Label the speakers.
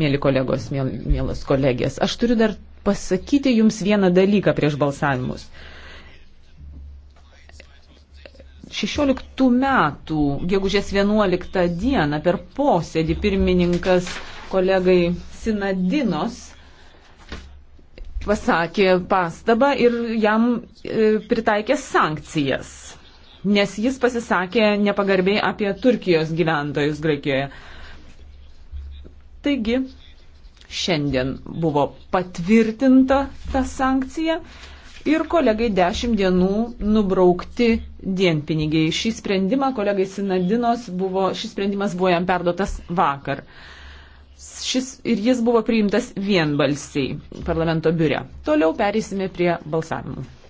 Speaker 1: Mėly kolegos, mėlos kolegės, aš turiu dar pasakyti jums vieną dalyką prieš balsavimus. 16 metų, gegužės 11 dieną per posėdį pirmininkas kolegai Sinadinos pasakė pastabą ir jam e, pritaikė sankcijas, nes jis pasisakė nepagarbiai apie Turkijos gyventojus Graikijoje. Taigi, šiandien buvo patvirtinta ta sankcija ir kolegai 10 dienų nubraukti dienpinigiai. Šį sprendimą kolegai Sinadinos buvo, šis sprendimas buvo jam perduotas vakar. Šis ir jis buvo priimtas vienbalsiai parlamento biure. Toliau perėsime prie balsavimų.